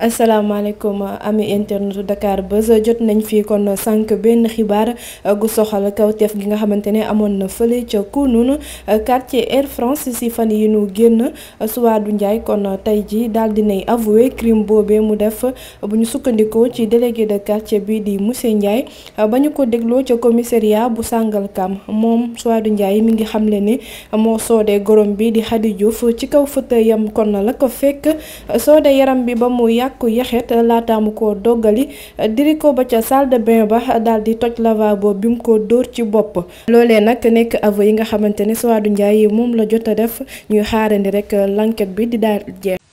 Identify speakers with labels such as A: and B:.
A: asalaamaaleykum ami internetu Dakar Buzz jot nañ fi kon sànq benn xibaar uh, gu soxal kawteef gi nga xamante ne amoon na fële ca Kounoune uh, quartier Air France si fan yi nu génn uh, Souadou Ndiaye kon tey ji daal dinay avoué crime boobee mu def bu ñu sukkandikoo ci délégué de quartier bi di monsieur Ndiaye ba ñu ko dégloo ca commissariat bu Sangalkam moom Souadou Ndiaye mi ngi xamle ni moo soodee gorom bi di Khady Diouf ci kaw fauteuil yam kon la ko fekk soodee yaram bi ba mu yàq ñàkku yaxet laataamu ko doggali diri ko ba ca salle de bain ba dal di toj lavabo bi mu ko dóor ci bopp loole nag nekk avo yi nga xamante ne Sawadou yi moom la jot a def ñuy xaarandi rek l'enquête bi di daal jeex